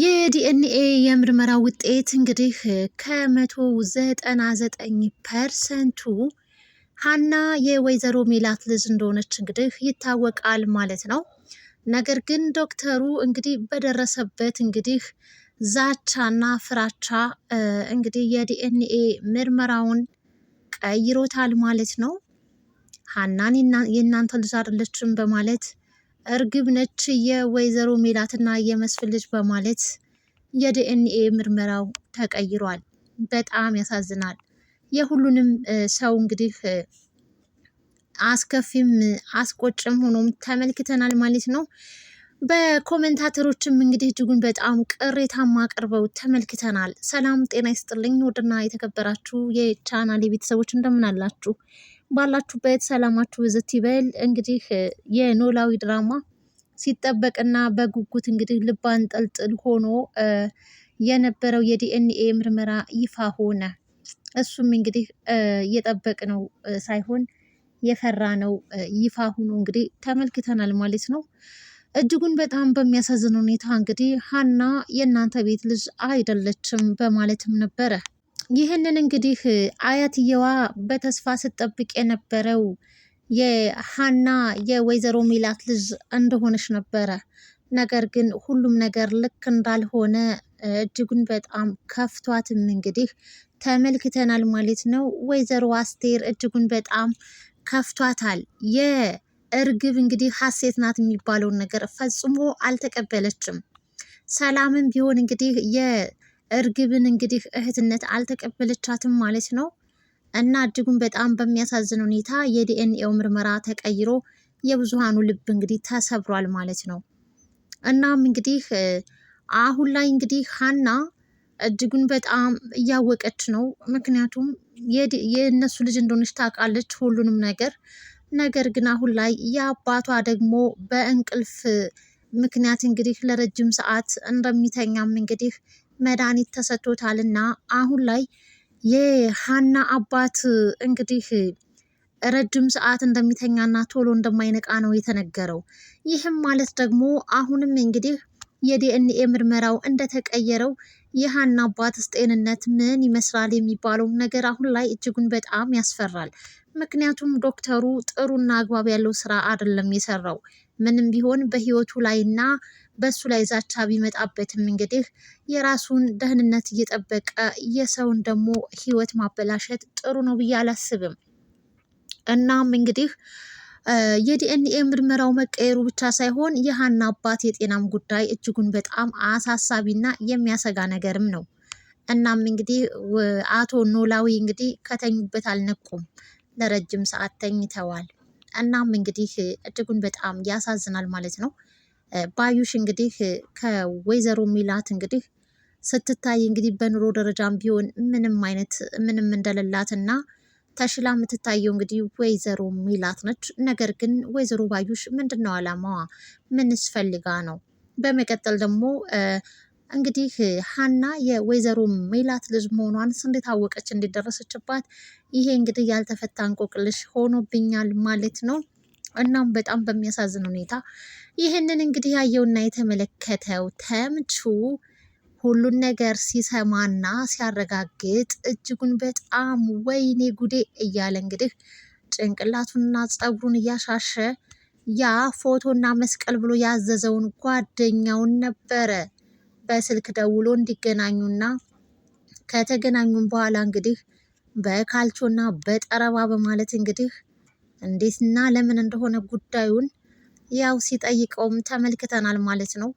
የዲኤንኤ የምርመራ ውጤት እንግዲህ ከመቶ ዘጠና ዘጠኝ ፐርሰንቱ ሀና የወይዘሮ ሜላት ልጅ እንደሆነች እንግዲህ ይታወቃል ማለት ነው። ነገር ግን ዶክተሩ እንግዲህ በደረሰበት እንግዲህ ዛቻና ፍራቻ እንግዲህ የዲኤንኤ ምርመራውን ቀይሮታል ማለት ነው። ሀናን የእናንተ ልጅ አይደለችም በማለት እርግብ ነች የወይዘሮ ሜላትና የመስፍን ልጅ በማለት የዲኤንኤ ምርመራው ተቀይሯል። በጣም ያሳዝናል። የሁሉንም ሰው እንግዲህ አስከፊም አስቆጭም ሆኖም ተመልክተናል ማለት ነው። በኮሜንታተሮችም እንግዲህ እጅጉን በጣም ቅሬታማ አቅርበው ተመልክተናል። ሰላም ጤና ይስጥልኝ። ወደና የተከበራችሁ የቻናል የቤተሰቦች እንደምን አላችሁ? ባላችሁበት ሰላማችሁ ብዝት ይበል። እንግዲህ የኖላዊ ድራማ ሲጠበቅና በጉጉት እንግዲህ ልብ አንጠልጥል ሆኖ የነበረው የዲኤንኤ ምርመራ ይፋ ሆነ። እሱም እንግዲህ ነው ሳይሆን የፈራ ነው ይፋ ሆኖ እንግዲህ ተመልክተናል ማለት ነው። እጅጉን በጣም በሚያሳዝን ሁኔታ እንግዲህ ሀና የእናንተ ቤት ልጅ አይደለችም በማለትም ነበረ ይህንን እንግዲህ አያትየዋ በተስፋ ስትጠብቅ የነበረው የሀና የወይዘሮ ሚላት ልጅ እንደሆነች ነበረ። ነገር ግን ሁሉም ነገር ልክ እንዳልሆነ እጅጉን በጣም ከፍቷትም እንግዲህ ተመልክተናል ማለት ነው። ወይዘሮ አስቴር እጅጉን በጣም ከፍቷታል። የእርግብ እንግዲህ ሀሴት ናት የሚባለውን ነገር ፈጽሞ አልተቀበለችም። ሰላምም ቢሆን እንግዲህ እርግብን እንግዲህ እህትነት አልተቀበለቻትም ማለት ነው። እና እጅጉን በጣም በሚያሳዝን ሁኔታ የዲኤንኤው ምርመራ ተቀይሮ የብዙሃኑ ልብ እንግዲህ ተሰብሯል ማለት ነው። እናም እንግዲህ አሁን ላይ እንግዲህ ሀና እጅጉን በጣም እያወቀች ነው። ምክንያቱም የእነሱ ልጅ እንደሆነች ታውቃለች ሁሉንም ነገር። ነገር ግን አሁን ላይ የአባቷ ደግሞ በእንቅልፍ ምክንያት እንግዲህ ለረጅም ሰዓት እንደሚተኛም እንግዲህ መድኃኒት ተሰጥቶታልና አሁን ላይ የሀና አባት እንግዲህ ረጅም ሰዓት እንደሚተኛና ቶሎ እንደማይነቃ ነው የተነገረው። ይህም ማለት ደግሞ አሁንም እንግዲህ የዲኤንኤ ምርመራው እንደተቀየረው የሀና አባትስ ጤንነት ምን ይመስላል የሚባለው ነገር አሁን ላይ እጅጉን በጣም ያስፈራል። ምክንያቱም ዶክተሩ ጥሩና አግባብ ያለው ስራ አይደለም የሰራው ምንም ቢሆን በህይወቱ ላይና በሱ ላይ ዛቻ ቢመጣበትም እንግዲህ የራሱን ደህንነት እየጠበቀ የሰውን ደግሞ ህይወት ማበላሸት ጥሩ ነው ብዬ አላስብም። እናም እንግዲህ የዲኤንኤ ምርመራው መቀየሩ ብቻ ሳይሆን የሀና አባት የጤናም ጉዳይ እጅጉን በጣም አሳሳቢና የሚያሰጋ ነገርም ነው። እናም እንግዲህ አቶ ኖላዊ እንግዲህ ከተኙበት አልነቁም፣ ለረጅም ሰዓት ተኝተዋል። እናም እንግዲህ እጅጉን በጣም ያሳዝናል ማለት ነው። ባዩሽ እንግዲህ ከወይዘሮ ሚላት እንግዲህ ስትታይ እንግዲህ በኑሮ ደረጃም ቢሆን ምንም አይነት ምንም እንደሌላትና ተሽላ የምትታየው እንግዲህ ወይዘሮ ሚላት ነች። ነገር ግን ወይዘሮ ባዩሽ ምንድን ነው ዓላማዋ? ምንስ ፈልጋ ነው? በመቀጠል ደግሞ እንግዲህ ሀና የወይዘሮ ሜላት ልጅ መሆኗን እንዴት አወቀች? እንዲደረሰችባት ይሄ እንግዲህ ያልተፈታ እንቆቅልሽ ሆኖብኛል ማለት ነው። እናም በጣም በሚያሳዝን ሁኔታ ይህንን እንግዲህ ያየውና የተመለከተው ተምቹ ሁሉን ነገር ሲሰማና ሲያረጋግጥ እጅጉን በጣም ወይኔ ጉዴ እያለ እንግዲህ ጭንቅላቱንና ፀጉሩን እያሻሸ ያ ፎቶና መስቀል ብሎ ያዘዘውን ጓደኛውን ነበረ በስልክ ደውሎ እንዲገናኙና ከተገናኙም በኋላ እንግዲህ በካልቾና በጠረባ በማለት እንግዲህ እንዴትና ለምን እንደሆነ ጉዳዩን ያው ሲጠይቀውም ተመልክተናል ማለት ነው።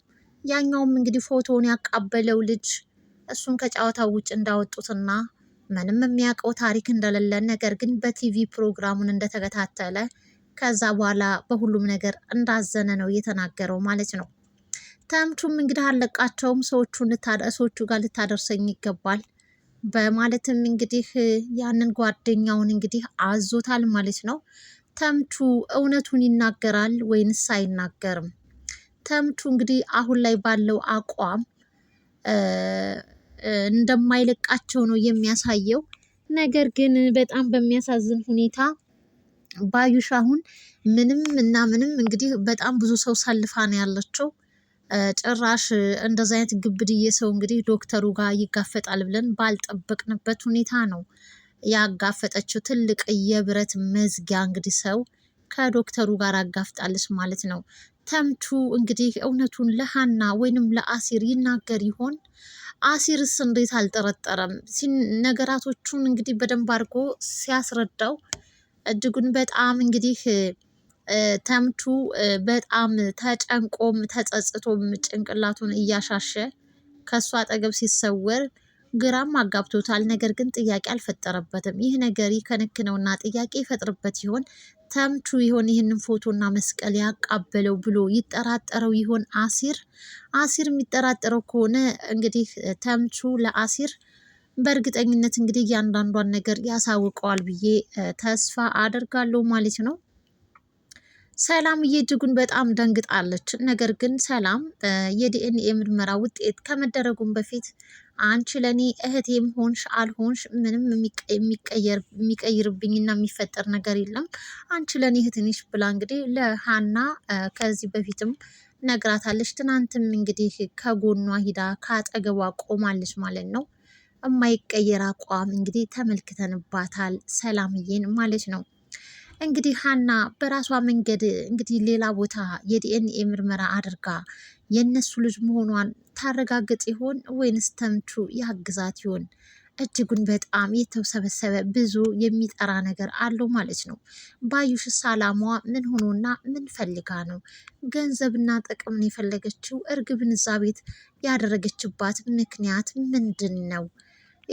ያኛውም እንግዲህ ፎቶውን ያቃበለው ልጅ እሱን ከጨዋታው ውጭ እንዳወጡትና ምንም የሚያውቀው ታሪክ እንደሌለ ነገር ግን በቲቪ ፕሮግራሙን እንደተከታተለ ከዛ በኋላ በሁሉም ነገር እንዳዘነ ነው እየተናገረው ማለት ነው። ተምቹም እንግዲህ አለቃቸውም ሰዎቹ ሰዎቹ ጋር ልታደርሰኝ ይገባል በማለትም እንግዲህ ያንን ጓደኛውን እንግዲህ አዞታል ማለት ነው። ተምቹ እውነቱን ይናገራል ወይንስ አይናገርም? ተምቹ እንግዲህ አሁን ላይ ባለው አቋም እንደማይለቃቸው ነው የሚያሳየው። ነገር ግን በጣም በሚያሳዝን ሁኔታ ባዩሽ አሁን ምንም እና ምንም እንግዲህ በጣም ብዙ ሰው ሰልፋ ነው ያለችው። ጭራሽ እንደዚ አይነት ግብድዬ ሰው እንግዲህ ዶክተሩ ጋር ይጋፈጣል ብለን ባልጠበቅንበት ሁኔታ ነው ያጋፈጠችው ትልቅ የብረት መዝጊያ እንግዲህ ሰው ከዶክተሩ ጋር አጋፍጣለች ማለት ነው። ተምቹ እንግዲህ እውነቱን ለሀና ወይንም ለአሲር ይናገር ይሆን? አሲርስ እንዴት አልጠረጠረም? ነገራቶቹን እንግዲህ በደንብ አድርጎ ሲያስረዳው እጅጉን በጣም እንግዲህ ተምቹ በጣም ተጨንቆም ተጸጽቶም ጭንቅላቱን እያሻሸ ከእሱ አጠገብ ሲሰወር ግራም አጋብቶታል። ነገር ግን ጥያቄ አልፈጠረበትም። ይህ ነገር ከንክነውና ጥያቄ ይፈጥርበት ይሆን? ተምቹ ይሆን ይህንን ፎቶና መስቀል ያቃበለው ብሎ ይጠራጠረው ይሆን? አሲር አሲር የሚጠራጠረው ከሆነ እንግዲህ ተምቹ ለአሲር በእርግጠኝነት እንግዲህ እያንዳንዷን ነገር ያሳውቀዋል ብዬ ተስፋ አደርጋለሁ ማለት ነው። ሰላም እጅጉን በጣም ደንግጣለች። ነገር ግን ሰላም የዲኤንኤ ምርመራ ውጤት ከመደረጉም በፊት አንቺ ለእኔ እህቴም ሆንሽ አልሆንሽ ምንም የሚቀይርብኝና የሚፈጠር ነገር የለም። አንቺ ለእኔ እህቴ ነሽ ብላ እንግዲህ ለሀና ከዚህ በፊትም ነግራታለች። ትናንትም እንግዲህ ከጎኗ ሂዳ ከአጠገቧ ቆማለች ማለት ነው። የማይቀየር አቋም እንግዲህ ተመልክተንባታል ሰላምዬን ማለት ነው። እንግዲህ ሀና በራሷ መንገድ እንግዲህ ሌላ ቦታ የዲኤንኤ ምርመራ አድርጋ የእነሱ ልጅ መሆኗን ታረጋግጥ ይሆን ወይንስ ተምቹ ያግዛት ይሆን? እጅጉን በጣም የተውሰበሰበ ብዙ የሚጠራ ነገር አለው ማለት ነው። ባዩሽስ አላማዋ ምን ሆኖና ምን ፈልጋ ነው? ገንዘብና ጥቅምን የፈለገችው እርግብን እዛ ቤት ያደረገችባት ምክንያት ምንድን ነው?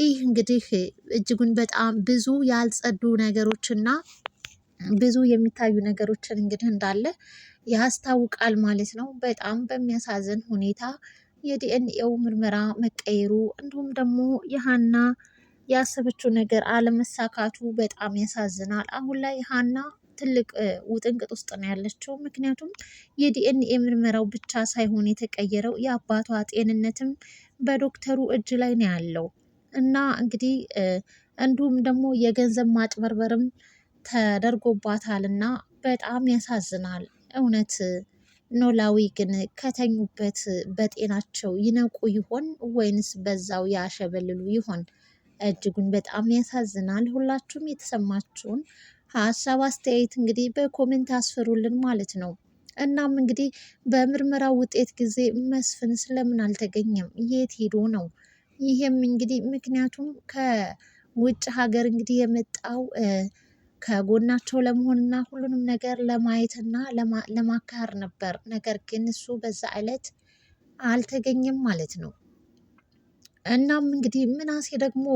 ይህ እንግዲህ እጅጉን በጣም ብዙ ያልጸዱ ነገሮችና ብዙ የሚታዩ ነገሮችን እንግዲህ እንዳለ ያስታውቃል ማለት ነው። በጣም በሚያሳዝን ሁኔታ የዲኤንኤው ምርመራ መቀየሩ እንዲሁም ደግሞ የሀና ያሰበችው ነገር አለመሳካቱ በጣም ያሳዝናል። አሁን ላይ ሀና ትልቅ ውጥንቅጥ ውስጥ ነው ያለችው። ምክንያቱም የዲኤንኤ ምርመራው ብቻ ሳይሆን የተቀየረው የአባቷ ጤንነትም በዶክተሩ እጅ ላይ ነው ያለው እና እንግዲህ እንዲሁም ደግሞ የገንዘብ ማጭበርበርም ተደርጎባታል እና በጣም ያሳዝናል። እውነት ኖላዊ ግን ከተኙበት በጤናቸው ይነቁ ይሆን ወይንስ በዛው ያሸበልሉ ይሆን? እጅጉን በጣም ያሳዝናል። ሁላችሁም የተሰማችሁን ሀሳብ አስተያየት እንግዲህ በኮሜንት አስፍሩልን ማለት ነው። እናም እንግዲህ በምርመራው ውጤት ጊዜ መስፍን ስለምን አልተገኘም? የት ሄዶ ነው? ይህም እንግዲህ ምክንያቱም ከውጭ ሀገር እንግዲህ የመጣው ከጎናቸው ለመሆንና ሁሉንም ነገር ለማየትና ለማካር ነበር። ነገር ግን እሱ በዛ ዕለት አልተገኘም ማለት ነው። እናም እንግዲህ ምናሴ ደግሞ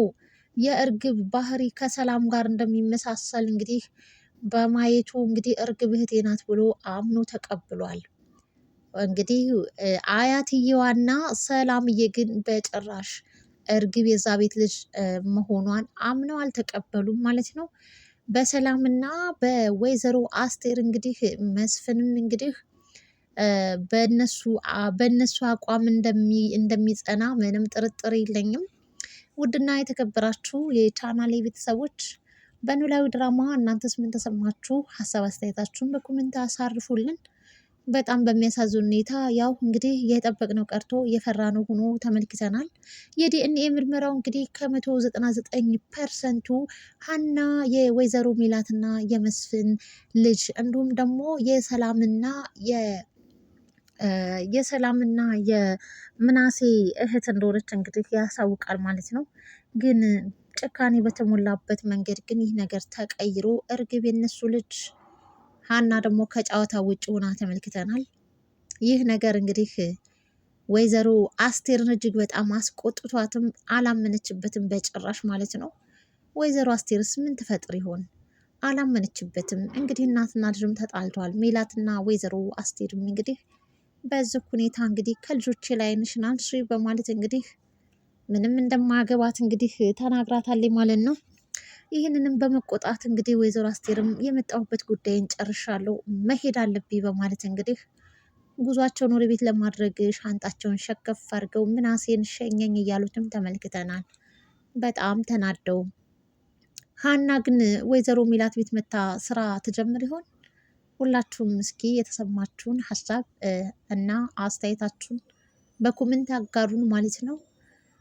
የእርግብ ባህሪ ከሰላም ጋር እንደሚመሳሰል እንግዲህ በማየቱ እንግዲህ እርግብ እህቴ ናት ብሎ አምኖ ተቀብሏል። እንግዲህ አያትየዋና ሰላምዬ ግን በጭራሽ እርግብ የዛ ቤት ልጅ መሆኗን አምነው አልተቀበሉም ማለት ነው። በሰላምና በወይዘሮ አስቴር እንግዲህ መስፍንም እንግዲህ በነሱ በነሱ አቋም እንደሚጸና ምንም ጥርጥር የለኝም። ውድና የተከበራችሁ የቻናሌ ቤተሰቦች በኖላዊ ድራማ እናንተስ ምን ተሰማችሁ? ሀሳብ አስተያየታችሁን በኮሜንት አሳርፉልን። በጣም በሚያሳዝን ሁኔታ ያው እንግዲህ የጠበቅነው ቀርቶ የፈራነው ሆኖ ተመልክተናል። የዲኤንኤ ምርመራው እንግዲህ ከመቶ ዘጠና ዘጠኝ ፐርሰንቱ ሀና የወይዘሮ ሚላትና የመስፍን ልጅ እንዲሁም ደግሞ የሰላምና የ የሰላምና የምናሴ እህት እንደሆነች እንግዲህ ያሳውቃል ማለት ነው ግን ጭካኔ በተሞላበት መንገድ ግን ይህ ነገር ተቀይሮ እርግብ የነሱ ልጅ ሀና ደግሞ ከጨዋታ ውጭ ሆና ተመልክተናል። ይህ ነገር እንግዲህ ወይዘሮ አስቴርን እጅግ በጣም አስቆጥቷትም አላመነችበትም በጭራሽ ማለት ነው። ወይዘሮ አስቴርስ ምን ትፈጥር ይሆን? አላመነችበትም። እንግዲህ እናትና ልጅም ተጣልተዋል። ሜላትና ወይዘሮ አስቴርም እንግዲህ በዚህ ሁኔታ እንግዲህ ከልጆቼ ላይ ንሽናል በማለት እንግዲህ ምንም እንደማያገባት እንግዲህ ተናግራታለች ማለት ነው። ይህንንም በመቆጣት እንግዲህ ወይዘሮ አስቴርም የመጣሁበት ጉዳይን ጨርሻለሁ መሄድ አለብኝ በማለት እንግዲህ ጉዟቸውን ወደ ቤት ለማድረግ ሻንጣቸውን ሸከፍ አድርገው ምናሴን ሸኘኝ እያሉትም ተመልክተናል። በጣም ተናደው ሀና ግን ወይዘሮ ሚላት ቤት መታ ስራ ትጀምር ይሆን? ሁላችሁም እስኪ የተሰማችሁን ሀሳብ እና አስተያየታችሁን በኮመንት አጋሩን ማለት ነው።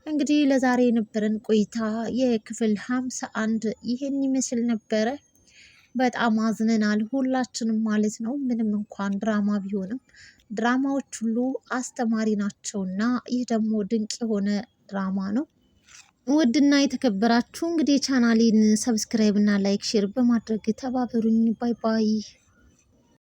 እንግዲህ ለዛሬ የነበረን ቆይታ የክፍል ሀምሳ አንድ ይህን ይመስል ነበረ። በጣም አዝነናል ሁላችንም ማለት ነው። ምንም እንኳን ድራማ ቢሆንም ድራማዎች ሁሉ አስተማሪ ናቸውና ይህ ደግሞ ድንቅ የሆነ ድራማ ነው። ውድና የተከበራችሁ እንግዲህ ቻናሌን ሰብስክራይብ እና ላይክ ሼር በማድረግ ተባበሩኝ። ባይ ባይ።